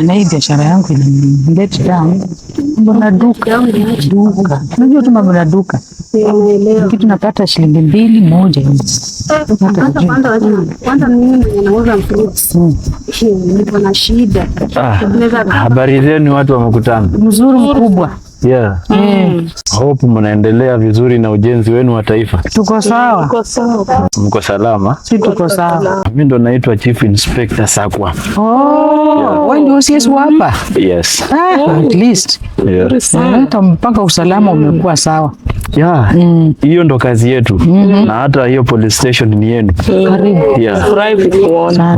na hii biashara yangu inanileta down. Mbona duka duka, unajua tu mambo na duka, kitu napata shilingi mbili moja hmm. hivi. Ah, habari zenu, watu wamekutana mzuri mkubwa. Yeah. Mm. Hope mnaendelea vizuri na ujenzi wenu wa taifa. Tuko sawa. Tuko sawa. Mko salama? Si tuko sawa. Mimi ndo naitwa Chief Inspector Sakwa. Oh, wewe ndio CS hapa? Yes. Ah, oh. at least. Yes. Eh, hata mpaka usalama umekuwa sawa. Ya, mm. hiyo ndo kazi yetu mm-hmm. na hata hiyo police station ni yenu. Mm. Karibu.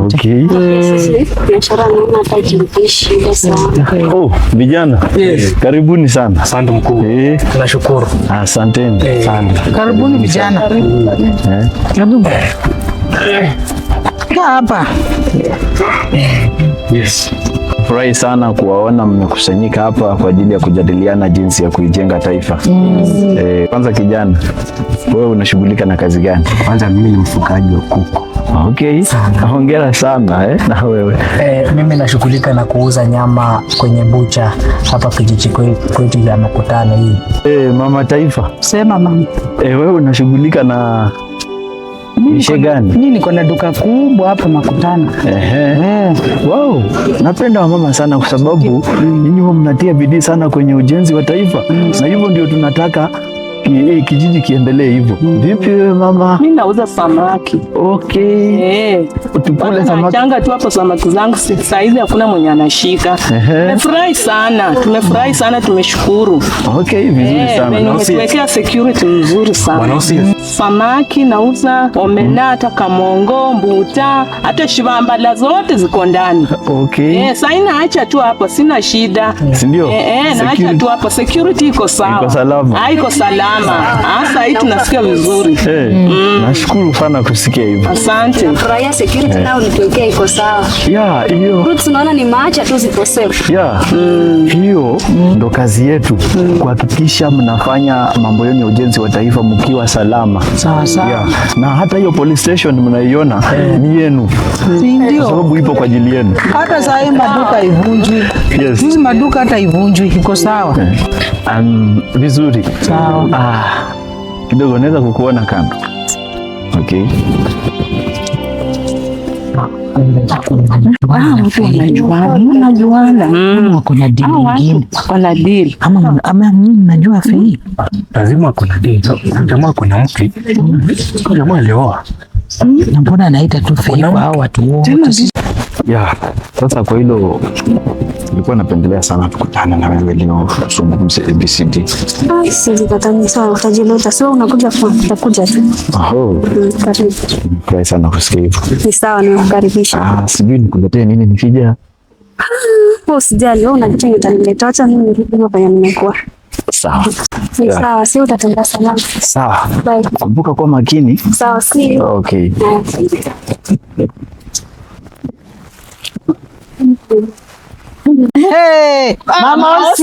Okay. Mm. Oh, Vijana, Yes. karibuni sana. Asante mkuu. Eh. Tunashukuru, asanteni eh, sana. Karibuni vijana, eh. karibuni eh. hapa. Yes. Furahi sana kuwaona mmekusanyika hapa kwa ajili ya kujadiliana jinsi ya kuijenga taifa. Mm. kwanza kijana, wewe unashughulika na kazi gani? Kwanza mimi ni mfugaji wa kuku Okay, hongera sana eh, na wewe eh. Mimi nashughulika na kuuza nyama kwenye bucha hapa kijiji kwetu ya Makutano hii. Eh, Mama Taifa, sema mama. Eh, wewe unashughulika na mishe gani? Mimi niko na duka kubwa hapa Makutano. Ehe. Eh. Wow, napenda wamama sana kwa sababu ninyi mnatia bidii sana kwenye ujenzi wa taifa mm. na hivyo ndio tunataka hii eh, kijiji kiendelee hivyo. Mm. Vipi wewe mama? Mimi nauza samaki. Okay. Eh. samaki. Changa tu hapo samaki zangu sasa hakuna mwenye anashika. Tumefurahi sana. Tumefurahi sana tumeshukuru. Okay, vizuri eh, sana. Na security nzuri sana samaki nauza omena mm. hata kamongo mbuta hata shivambala zote ziko ndani. Okay. Eh, sai naacha tu hapo sina shida. Si ndio? Eh, eh, naacha tu hapo security iko sawa. Iko salama. Ah, iko salama. Hasa ah, hii tunasikia vizuri. hey. Eh, mm. Nashukuru sana kusikia hivyo. Asante. Furahia security eh. nao nitokea iko sawa. Yeah, hiyo. Kwa tunaona ni maacha tu ziko safe. Yeah. Hiyo ndo kazi yetu mm. kuhakikisha mnafanya mambo yenu ya ujenzi wa taifa mkiwa salama usalama. Sawa sawa. Yeah. Na hata hiyo police station mnaiona eh. ni yenu. Ndio. Kwa sababu ipo kwa ajili yenu. Hata saa hii maduka ivunjwi. Yes. Hizi maduka hata ivunjwi iko sawa. Eh. Um, vizuri. Sawa. Ah, kidogo naweza kukuona kando. Okay. Najua fei lazima kuna dili. Hmm. Jamaa kuna mke jamaa alioa, na mbona anaita tu fei kwa hao watu wote? Ya, sasa kwa hilo nilikuwa napendelea sana tukutane na wewe leo tuzungumze ABCD. Ah, sijikatani sawa, utaji leo tasema unakuja kwa utakuja tu. Aho. Mm, karibu. Kwa sana kusikia hivyo. Ni sawa, nimekukaribisha. Ah, sijui nikuletee nini nikija. Ah, oh, wewe usijali, wewe unajitenge utaniletea, acha mimi nirudi hapa ya nimekuwa. Sawa. Ni sawa, si utatenda salama. Sawa. Kumbuka kuwa makini. Sawa, si. Okay. Yeah. Hey, mama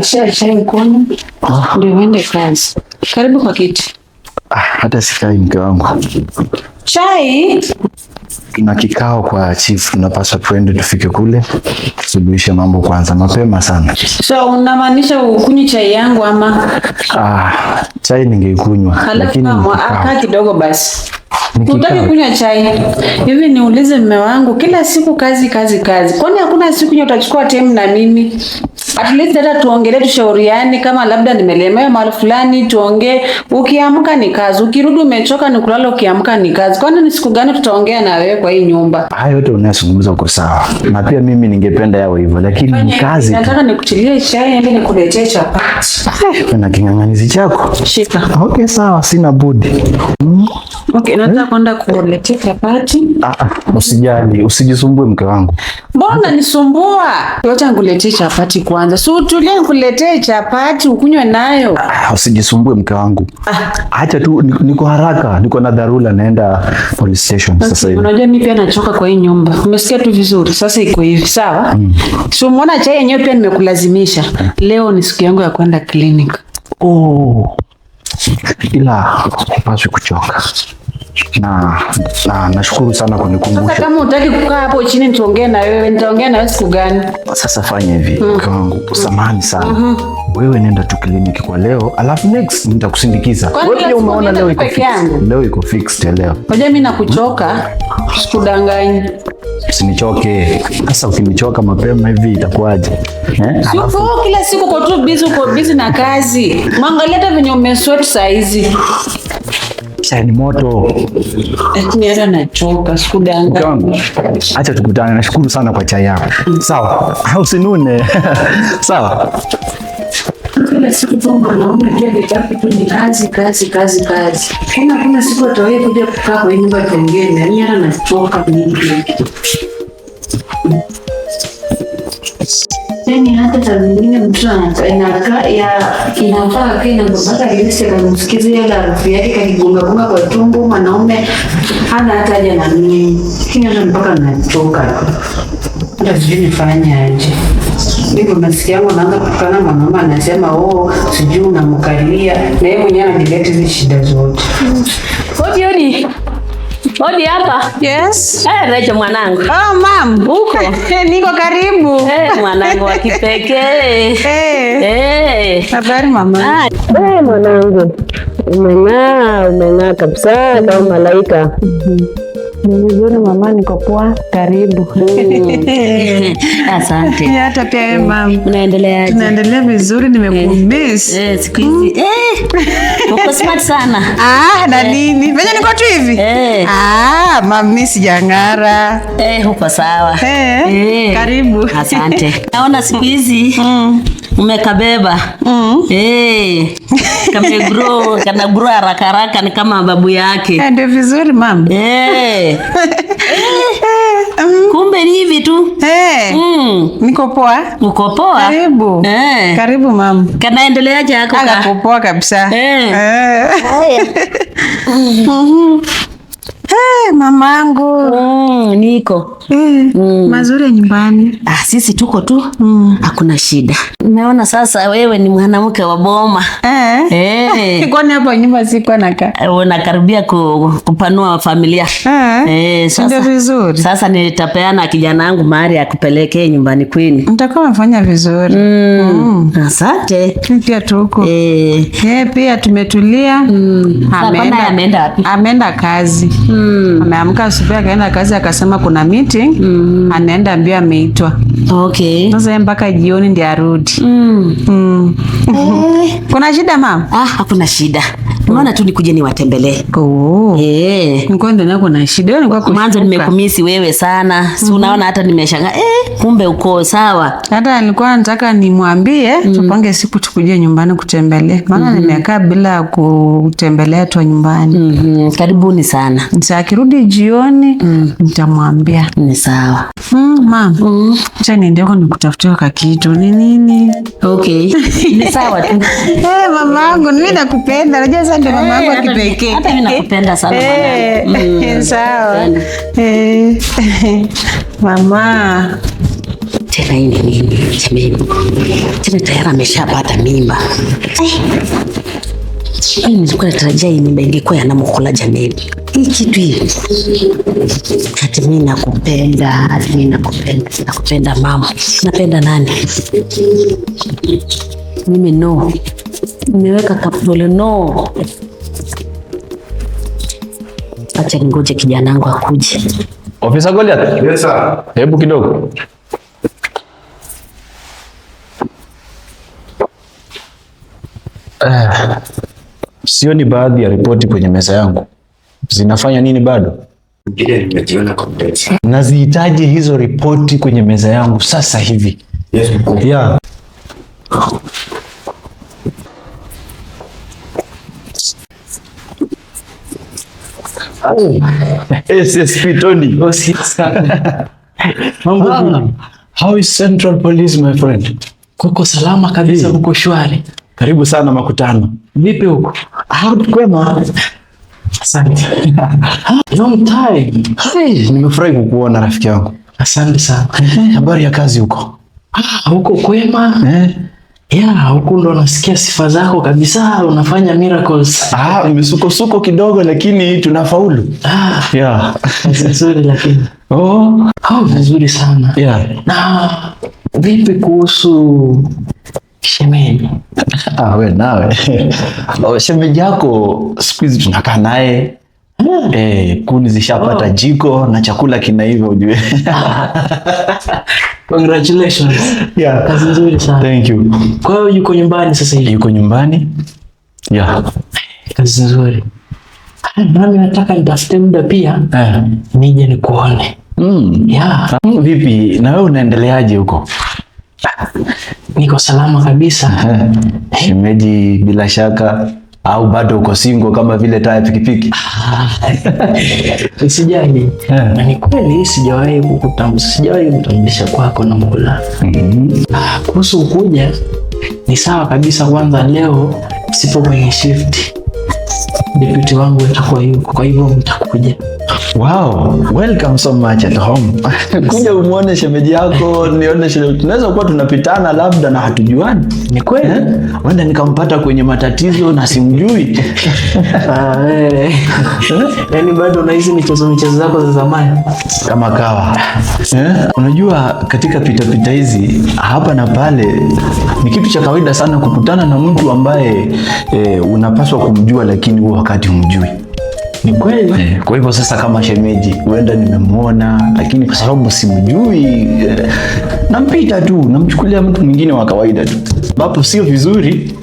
chai mkono ah. ndio uende kazi. Karibu kwa kiti. Ah, hata sikai, mke wangu. Chai Na kikao kwa chief, tunapaswa tuende tufike kule tusuluhishe mambo kwanza mapema sana. So unamaanisha ukunywi chai yangu ama? Ah, chai ningeikunywa lakini kidogo basi Utaki kunywa chai hivi? Niulize mme wangu, kila siku kazi kazi kazi, kwani hakuna siku nye utachukua time na mimi at least hata tuongelee, tushauriane, kama labda nimelemewa mahali fulani tuongee. Ukiamka ni kazi, ukirudi umechoka ni kulala, ukiamka ni kazi. Kwani ni siku gani tutaongea na wewe kwa hii nyumba? Hayo yote unayozungumza uko sawa, na pia mimi ningependa yawe hivyo, lakini ni kazi. Nataka nikutilie chai ili nikuletee chapati eh, na king'ang'anizi chako. Shika. Okay, sawa, sina budi. Hmm? Okay, na Unataka mhm. kwenda kuletea chapati? Ah, ah, usijali, usijisumbue mke wangu. Mbona nisumbua? Acha nikuletee chapati kwanza. Si utulie nikuletee chapati ukunywe nayo. Ah, ah usijisumbue mke wangu. Ah. Acha tu niko haraka, niko na dharura naenda police station sasa hivi. Unajua mimi pia nachoka kwa hii nyumba. Umesikia tu vizuri. Sasa iko hivi, sawa? mm. Si umeona chai yenyewe pia nimekulazimisha. Mm. Leo ni siku yangu ya kwenda clinic. Oh. Ila hupaswi kuchoka na, na nashukuru sana kwa nikumbusha. Sasa kama utaki kukaa hapo chini tuongee na wewe, nitaongea na wewe siku gani? Sasa fanya hivi mm. mke mm. wangu sana mm -hmm. wewe nenda tu kliniki kwa leo, alafu next nitakusindikiza wewe. Umeona leo iko fixed, leo iko fixed leo. Unajua mimi nakuchoka, hmm? sikudanganyi Usinichoke sasa. Ukinichoka mapema hivi itakuwaje? Eh, kila siku uko tu busy, uko busy na kazi. Mwangalia hata venye umesweat saa hizi. Maisha ni moto. Acha tukutane. Nashukuru sana kwa chai yako. Sawa, usinune. Sawa. Yani hata saa zingine mtu inafaa akae mpaka Yesu akamsikiza ile harufu yake kakigongagonga kwa tumbo, mwanaume hana hata haja na mimi, lakini hata mpaka nachoka hata sijui nifanye aje. Ndivyo masikio yangu naanza kutukana mwanaume, anasema oh, sijui unamkalia na yeye mwenyewe anadileti hizi shida zote. Oh, Odi hapa. Yes. Eh, Recho mwanangu. Oh, mam. Uko? Niko karibu. Eh, mwanangu wa kipekee. Eh. Eh. Habari mama. Ah, eh, mwanangu. Umeng'aa, umeng'aa kabisa kama malaika. Mhm. Vizuri mama, niko poa, karibu. Mm. Asante. Hata pia wewe mama. Mm. Unaendeleaje? Tunaendelea vizuri, nimekumiss. Eh, eh siku hizi. Mm. Eh. Uko smart sana. Ah, na eh. nini? Venye niko tu hivi? Eh. Ah, mama mimi sijang'ara. Eh, uko sawa. Eh. Karibu. Asante. Naona siku hizi Umekabeba. Mm. Eh. Kame grow, kana grow haraka haraka ni kama babu yake. ndio vizuri mama. Eh. Eh. Kumbe ni hivi tu. Hey. Eh. Mm. Niko poa. Uko poa? Karibu. Hey. Eh. Karibu mama. Kanaendeleaje hako? Ala poa kabisa. Hey. Hey. Hey, mamangu. Mm, niko hey, eh, mm. Mazuri nyumbani. Ah, sisi tuko tu mm. Hakuna shida. Naona sasa wewe ni mwanamke wa boma eh. Hey. Eh. Kwani hapo nyumba siko naka. Unakaribia ku, kupanua familia eh. Hey, eh, sasa vizuri. Sasa nitapeana kijana wangu mahali akupelekee nyumbani kwenu. Mtakuwa mfanya vizuri. Mm. Mm. Asante. Pia tuko. Eh. Hey. Hey, pia tumetulia. Mm. Ameenda, Ameenda kazi. Mm mm. ameamka asubuhi akaenda kazi akasema kuna meeting mm. anaenda mbio ameitwa. Okay. Sasa mpaka jioni ndiye arudi. mm. mm. eh. kuna shida mama? Ah, hakuna shida maana tu nikuje niwatembelee. Oh. Eh. Niko ndio kuna shida. Wewe nilikuwa mwanzo nimekumisi wewe sana. Si mm-hmm. unaona mm -hmm. hata nimeshangaa. Eh, kumbe uko sawa. Hata nilikuwa nataka nimwambie mm -hmm. tupange siku tukuje nyumbani kutembelea. Maana mm -hmm. nimekaa bila kutembelea tu nyumbani. Mm -hmm. Karibuni sana kabisa, akirudi jioni mm. nitamwambia. mm. Ni sawa Mm, Mm. Cha niende huko nikutafutia kitu. ni nini. Okay, ni sawa tu. Eh, mama yangu mimi nakupenda, najua sasa ndio mama yangu eh, akipekee. Hata mimi nakupenda sana mama. Eh, ni mm. Sawa eh, mama tena ini ni nini? Tena tayari ameshapata mimba eh. Yaani nilikuwa natarajia hii mimba ingekuwa ya namukula jameni. Hii kitu hii. Ati mimi nakupenda, ati mimi nakupenda, nakupenda mama. Napenda nani? Mimi no. Nimeweka kaptole no. Acha ningoje kijana wangu akuje. Ofisa Goliath? Yes sir. Hebu kidogo. Uh sioni baadhi ya ripoti kwenye meza yangu zinafanya nini bado? Nazihitaji hizo ripoti kwenye meza yangu sasa hivi. yeah. SSP Tony. Oh, Mambo. Ah. How is Central Police my friend? Kuko salama kabisa, kuko shwari. Karibu sana makutano. Vipi huko? Harudi Asante. Long time. Hey, nimefurahi kukuona rafiki yangu. Asante sana. Habari ya kazi huko? Ah, huko kwema. Eh. Yeah, huku ndo nasikia sifa zako kabisa, unafanya miracles. Ah, misukosuko kidogo lakini tunafaulu. Ah. Yeah. Vizuri lakini. Oh. Oh, vizuri sana. Yeah. Na vipi kuhusu shemeji ah, we nawe oh, shemeji yako siku hizi tunakaa naye ah. Eh, kuni zishapata oh. Jiko na chakula hivyo ujue. Congratulations. Yeah. Kazi nzuri sana. Thank you. Kwa hiyo yuko nyumbani sasa hivi? Yuko nyumbani. Yeah. Kazi nzuri. Ah, nami nataka nitafute muda pia eh, nije nikuone. Mm. Yeah. Mm, vipi na wewe unaendeleaje huko? Ah, niko salama kabisa. Shemeji, bila shaka au bado uko single kama vile taya pikipiki? Ah, sijali. Eh. na ni kweli sijawahi sijawahi kutambulisha kwako na Mola. Mhm. Ah, kuhusu ukuja ni sawa kabisa. Kwanza leo sipo kwenye shift deputy wangu atakuwa yuko, kwa hivyo mtakuja. Wow, welcome so much at home. Kuja umuone shemeji yako, nione shemeji. Tunaweza kuwa tunapitana labda na hatujuani. Ni kweli. Wenda eh? nikampata kwenye matatizo na simjui. Ah, eh? Yaani bado unaishi michezo michezo zako za zamani. Kama kawa. Eh? Unajua katika pitapita hizi hapa na pale ni kitu cha kawaida sana kukutana na mtu ambaye eh, unapaswa kumjua lakini huwa wakati humjui. Ni kweli. Eh, kwa hivyo sasa kama shemeji huenda nimemwona, lakini kwa sababu simjui eh, nampita tu, namchukulia mtu mwingine wa kawaida tu, ambapo sio vizuri.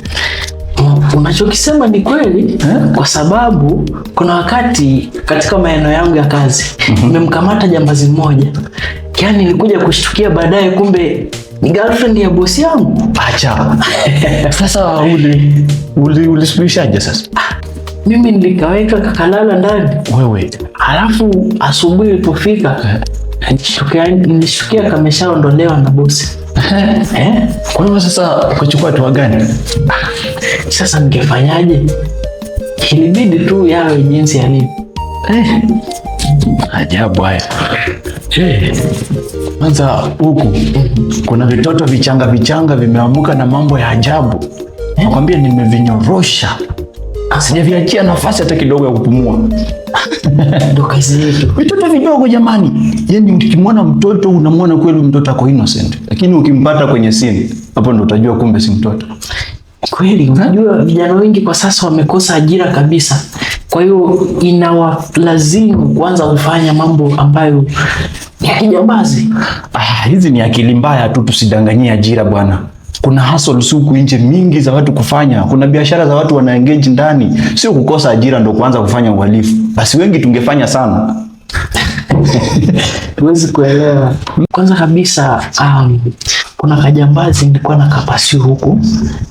Unachokisema ni kweli eh? Kwa sababu kuna wakati katika maeneo yangu ya kazi mhm. nimemkamata jambazi mmoja, yaani nilikuja kushtukia baadaye, kumbe ni girlfriend ya bosi yangu. Acha sasa, ulisuluhishaje sasa? Ah, mimi nilikaweka kakalala ndani wewe, halafu asubuhi ilipofika nilishukia kameshaondolewa na bosi. Eh? Kwa hiyo sasa ukachukua hatua gani? Sasa ningefanyaje? Ilibidi tu yawe jinsi yalivyo. Eh. Ajabu haya. Eh. Kwanza huku kuna vitoto vichanga vichanga vimeamuka na mambo ya ajabu. Nakwambia nimevinyorosha Ah, sijaviachia nafasi hata kidogo ya kupumua. Ndo kazi yetu vitoto vidogo jamani. Yani ukimwona mtoto unamwona kweli mtoto ako innocent, lakini ukimpata kwenye simu hapo ndo utajua kumbe si mtoto kweli. Unajua vijana wengi kwa sasa wamekosa ajira kabisa, kwa hiyo inawalazimu kuanza kufanya mambo ambayo ya kijambazi. Ah, hizi ni akili mbaya tu, tusidanganyie ajira bwana. Kuna hustle suku nje mingi za watu kufanya, kuna biashara za watu wana engage ndani, sio kukosa ajira ndo kuanza kufanya uhalifu. Basi wengi tungefanya sana. Huwezi kuelewa. Kwanza kabisa um, kuna kajambazi nilikuwa na kapasi huku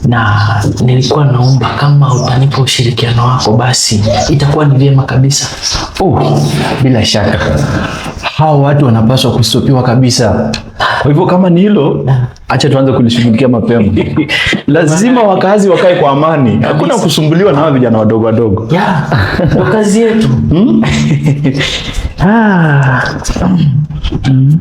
na nilikuwa naomba kama utanipa ushirikiano wako basi itakuwa ni vyema kabisa. Oh, bila shaka hao watu wanapaswa kustopiwa kabisa. Kwa hivyo kama ni hilo, acha tuanze kulishughulikia mapema. Lazima wakazi wakae kwa amani, hakuna kusumbuliwa na hawa vijana wadogo wadogo. Ndo kazi yetu. Hmm? Ah. Hmm.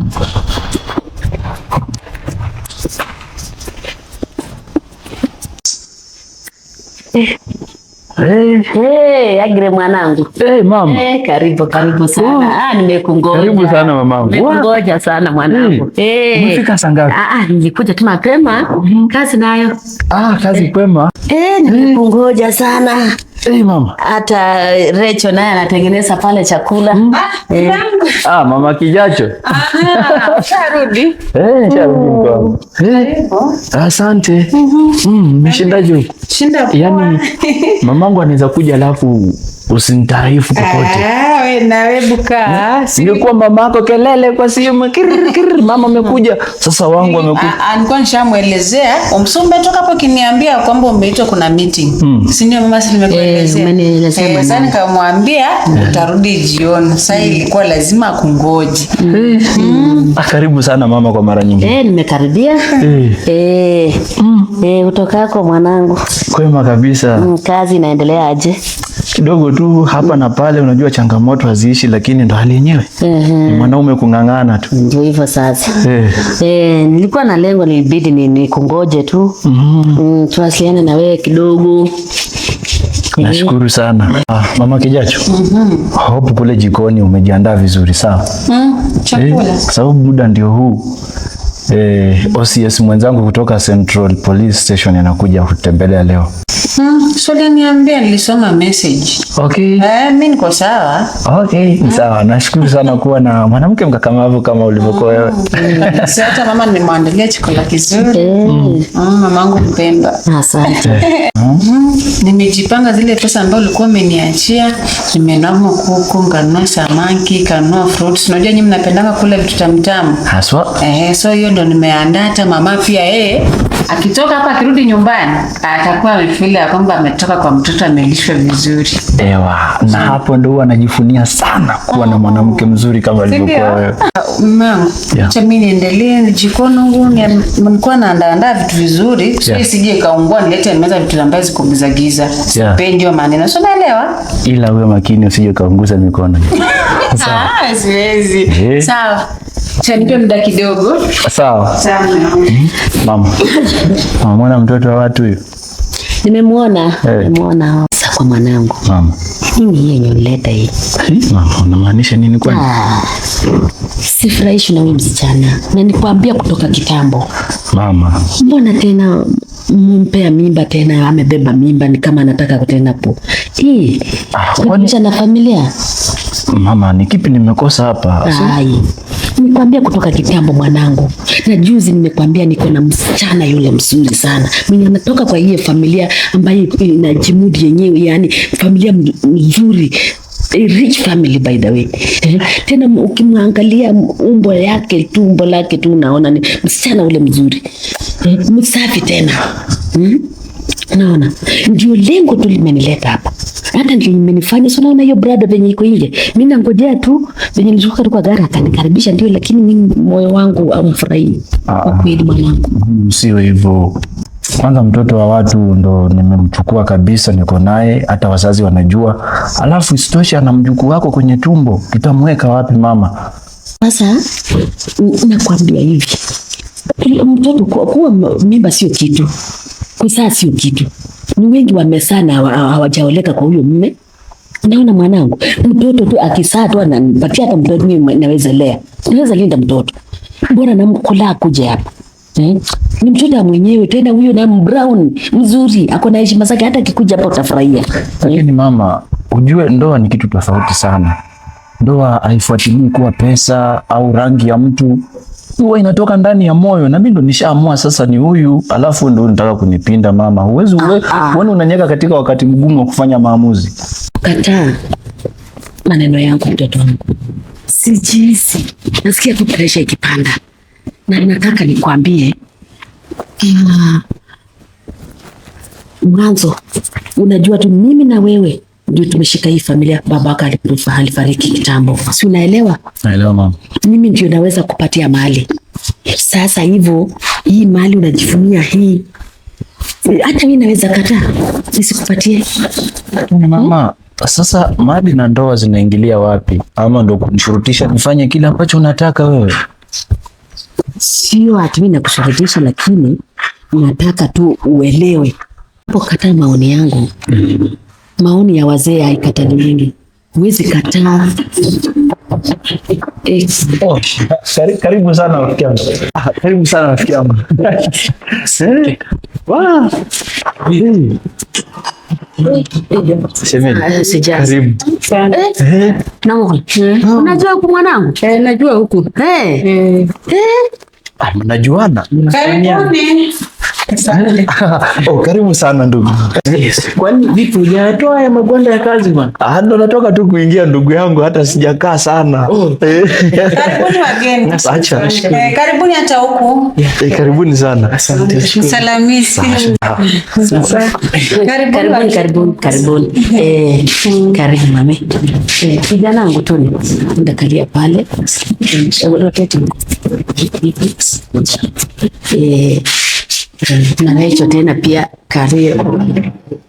Eh, hey. Hey, agre mwanangu. Hey, eh, mama. Hey, eh, karibu karibu sana. Oh. Ah, nimekungoja. Karibu sana mamangu. Nimekungoja sana mwanangu. Hey. Hmm. Hey. Umefika saa ngapi? Ah, ah, nilikuja tu mapema. Mm -hmm. Kazi nayo. Ah, kazi kwema. Eh, hey, nimekungoja sana. Hey, mama. Hata Recho naye anatengeneza pale chakula. Mm. Hey. Ah, eh. ah, mama Kijacho. Aha, sharudi. Eh, sharudi oh. mkwao. Eh. Asante. Mhm. Mm, meshinda juu. Shinda. Yaani mamangu anaweza kuja alafu usinitaarifu kokote. Nilikuwa mama yako, kelele kwa simu, mama amekuja, sasa wangu ah, amekuja. Alikuwa ah, nishamwelezea Msumbe toka hapo kiniambia kwamba umeitwa kuna meeting. Hmm. Si ndio mama, si nimekuelezea. Eh, eh, sasa nikamwambia hmm. utarudi jioni. Sasa hmm. ilikuwa lazima akungoje. Ah, karibu sana mama kwa mara nyingine. Eh, nimekaribia. Eh. Eh, eh utokako mwanangu. Kwema kabisa. Kazi inaendelea kidogo tu hapa na pale, unajua changamoto haziishi, lakini ndo hali yenyewe ni mwanaume kung'ang'ana tu. Ndio hivyo sasa. Eh, eh nilikuwa na lengo, nilibidi ni nikungoje tu mhm. mm, tuwasiliane na wewe kidogo. Nashukuru sana ah, mama Kijacho. mm -hmm. Hope kule jikoni umejiandaa vizuri sawa? mm, eh, chakula eh, kwa sababu muda ndio huu eh, OCS mwenzangu kutoka Central Police Station anakuja kutembelea leo. Mm, hm, so niambia nilisoma message. Okay. Eh, mimi niko sawa. Okay, mm. Sawa. Nashukuru sana kuwa na mwanamke mkakamavu kama ulivyokuwa wewe. Hm, Sasa hata mama nimemwandalia chakula kizuri. Mm. Mm, mamangu mpendwa. Asante. Mm. Nimejipanga zile pesa ambazo ulikuwa umeniachia, nimenunua kuku, kanunua samaki, kanua fruits. Unajua nyinyi mnapendanga kula vitu tamtamu. Haswa. Eh, so hiyo ndo nimeandaa hata mama pia yeye akitoka hapa akirudi nyumbani atakuwa amefili ya kwamba ametoka kwa mtoto amelishwa vizuri. Ewa, na hapo ndo huwa anajifunia sana kuwa na oh. mwanamke mzuri kama alivyokuwa wewe. Mama, acha mimi niendelee jikoni huko, nilikuwa naandaandaa vitu vizuri, sio sije kaungua nilete meza vitu ambazo ziko za giza. Sipendi maneno. Sio naelewa. Ila wewe makini usije kaunguza mikono. Sawa. Ah, siwezi. Eh? Sawa. Chanipe muda kidogo. Sawa. Sawa. Mama. Mama, mwana mtoto wa watu hiyo. Nimemwona. Eh. Nimemwona sasa kwa mwanangu. Mama. Nini hiyo nyoleta hii? Mama, unamaanisha nini kwani? Ah. Sifurahishi na huyu msichana. Na nikwambia kutoka kitambo. Mama. Mbona tena mumpea mimba tena, amebeba mimba, ni kama anataka kutenda po hii ah, kabisa na familia. Mama, ni kipi nimekosa hapa? nikwambia kutoka kitambo mwanangu, na juzi nimekwambia niko na msichana yule mzuri sana mwenye anatoka kwa hiyo familia ambayo inajimudi yenyewe, yani familia mzuri a rich family by the way. Eh? Tena ukimwangalia umbo yake tu, umbo lake tu, unaona ni msichana ule mzuri eh? msafi tena hmm? Naona ndio lengo tu limenileta hapa, hata ndio limenifanya sio. Naona hiyo brother venye iko nje, mimi nangojea tu venye nilishuka kwa gari akanikaribisha, ndio lakini mimi moyo wangu amfurahii kwa ah. kweli, mwanangu, msiwe mm, hivyo. Kwanza mtoto wa watu ndo nimemchukua kabisa, niko naye, hata wazazi wanajua. Alafu isitoshe ana mjukuu wako kwenye tumbo, tutamweka wapi mama? Sasa nakwambia hivi, mtoto kwa kuwa mimba sio kitu, kuzaa sio kitu. Ni wengi wamesana hawajaoleka kwa huyo mme. Naona mwanangu mtoto tu akisaa tu anapatia hata mtoto, mimi naweza lea, naweza linda mtoto, mbona namkolaa kuja hapa Eh? Ni mchota mwenyewe tena huyo na brown mzuri, ako na heshima zake, hata akikuja hapa utafurahia. Eh? Lakini mama, ujue ndoa ni kitu tofauti sana. Ndoa haifuatilii kuwa pesa au rangi ya mtu, huwa inatoka ndani ya moyo, na mimi ndo nishaamua sasa ni huyu, alafu ndo nataka kunipinda. Mama, huwezi uone ah, ah. unanyeka katika wakati mgumu wa kufanya maamuzi. Kataa maneno yangu, mtoto wangu, si jinsi nasikia tu presha ikipanda na nataka nikwambie uh, mwanzo, unajua tu mimi na wewe ndio tumeshika hii familia. Babaka alifariki kitambo, si unaelewa? Naelewa mama. Mimi ndio naweza kupatia mali sasa, hivyo hii mali unajivunia hii, hata mimi naweza kataa nisikupatie mama. Hmm? Sasa mali na ndoa zinaingilia wapi? Ama ndo kunishurutisha nifanye kile ambacho unataka wewe? sio hatumi na kushawitisha, lakini nataka tu uelewe. kata maoni yangu, maoni ya wazee haikataliwi, huwezi kataa. Oh, karibu sana rafiki yangu. Ah, karibu sana rafiki yangu. Eh? Ah, eh? Eh? Unajua huku mwanangu? Eh, najua huku Ah, mnajuana. Oh, karibu sana ndugu. Kwani vipi hujatoa ya magwanda ya kazi bwana? Ah, ndo natoka tu kuingia ndugu yangu hata sijakaa sana. Oh. Eh. Karibuni eh, Karibuni hata huku. Eh, karibuni sana. Asante. Salamisi. Karibuni, karibuni, karibuni. Eh, karibu mami. Kijana wangu ndakalia pale nanaicho eh, eh, tena pia kario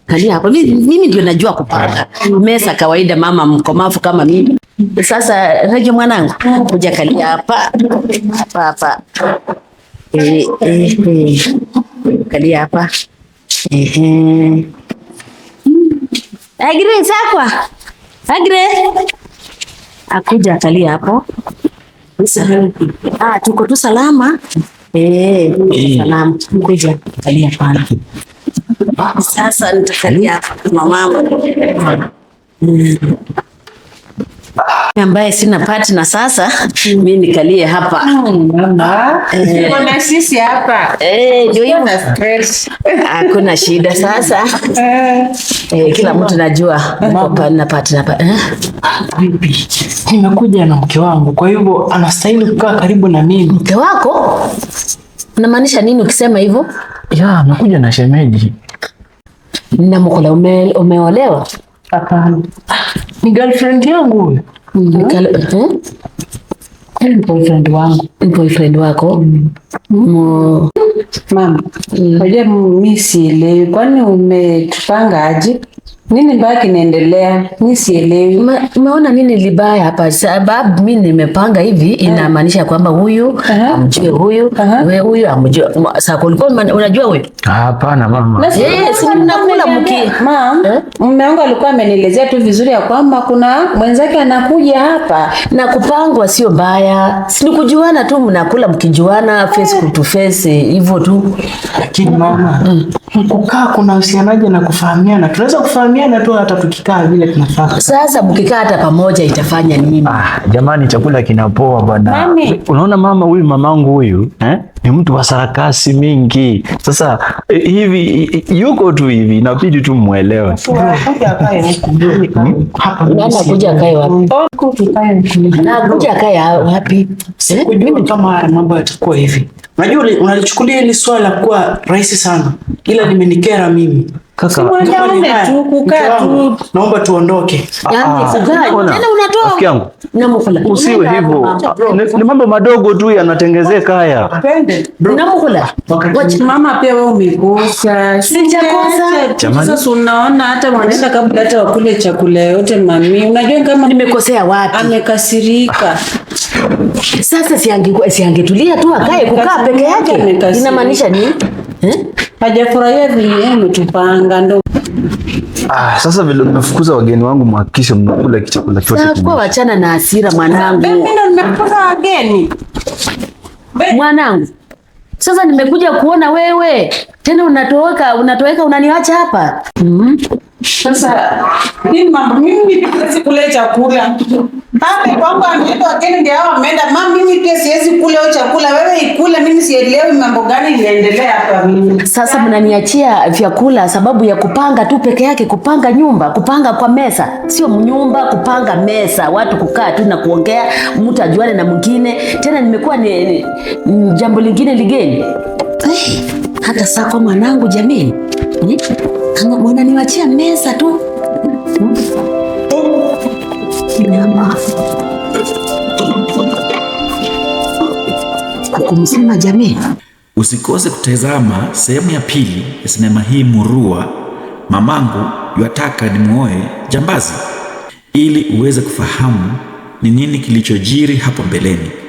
kali hapo, mimi ndio najua kupanga meza kawaida, mama mkomavu kama mimi. Sasa Rejo mwanangu, kuja kali hapa hapa hapa eh, hapa Agre sakwa Agre akuja kali hapo Ah, tuko tu salama eh, eh. ah. sasa, nitakalia mama. Hmm ambaye sina patna sasa mi nikalie hapa eh. Eh, hakuna eh, shida sasa eh. eh, kila mtu najua na patna vipi nimekuja na mke wangu kwa hivyo anastahili kukaa karibu na mimi mke wako unamaanisha nini ukisema hivyo ya amekuja na shemeji na mkola umeolewa Hapana. Ni girlfriend yangu huyo. Mm-hmm. Mm-hmm. Ni boyfriend wangu. Ni boyfriend wako. Mm-hmm. Mama, mm. unajua mimi sielewi kwani umetupanga aje? Nini mbaya kinaendelea? Mimi sielewi. Umeona Ma, nini libaya hapa? Sababu mimi nimepanga hivi eh. inamaanisha kwamba huyu amjue huyu uh wewe huyu amjue. Sasa kulikuwa unajua wewe? Hapana mama. Yes, eh, si mnakula mki. Mama, eh? mume wangu alikuwa amenielezea tu vizuri ya kwamba kuna mwenzake anakuja hapa na kupangwa sio mbaya. Si kujuana tu mnakula mkijuana face to face hivyo tu. Lakini mama, mm. kukaa kuna uhusianaje na kufahamiana? Tunaweza kufahamiana tunaambiana tu hata tukikaa vile tunafaa. Sasa mkikaa hata pamoja itafanya nini? Ah, jamani chakula kinapoa bwana. Unaona mama huyu mamangu huyu eh? Ni mtu wa sarakasi mingi. Sasa eh, hivi yuko tu hivi, inabidi tu muelewe. Anakuja kae hmm? wapi? Oh, Sikujui eh? kama mambo yatakuwa hivi. Najua unalichukulia hili swala kuwa rahisi sana, ila limenikera mimi naomba tuondoke. Ah, ah. Yaani, usiwe hivyo, ni mambo madogo tu yanatengezeka haya. Mama pia wewe umekosa. Sasa unaona hata wanaenda kabla hata wakule chakula yote mami. Unajua kama nimekosea wapi? Amekasirika. Sasa siangetulia tu akae kukaa peke yake. Inamaanisha nini? Eh? hajafurahia venye umetupanga ndo. Ah, sasa vile nimefukuza wageni wangu mhakikishe mnakula kichakula chote. Sasa kwa wachana na hasira mwanangu. Mimi ndo nimefukuza wageni. Mwanangu. Sasa nimekuja kuona wewe tena unatoweka unatoweka unaniacha hapa. Mm Sasa nini mambo mimi sikule chakula. Baba kwangu ameenda wageni ndio hao ameenda mami sielewi mambo gani inaendelea hapa mimi. Sasa mnaniachia vyakula sababu ya kupanga tu peke yake, kupanga nyumba, kupanga kwa meza, sio nyumba, kupanga meza, watu kukaa tu na kuongea, mtu ajuane na mwingine. Tena nimekuwa ni, ni, jambo lingine ligeni hey, eh, hata kwa mwanangu, jamii hmm? wananiwachia meza tu hmm? hmm? kumsema jamii. Usikose kutazama sehemu ya pili ya sinema hii murua, mamangu yuataka nimuoe jambazi, ili uweze kufahamu ni nini kilichojiri hapo mbeleni.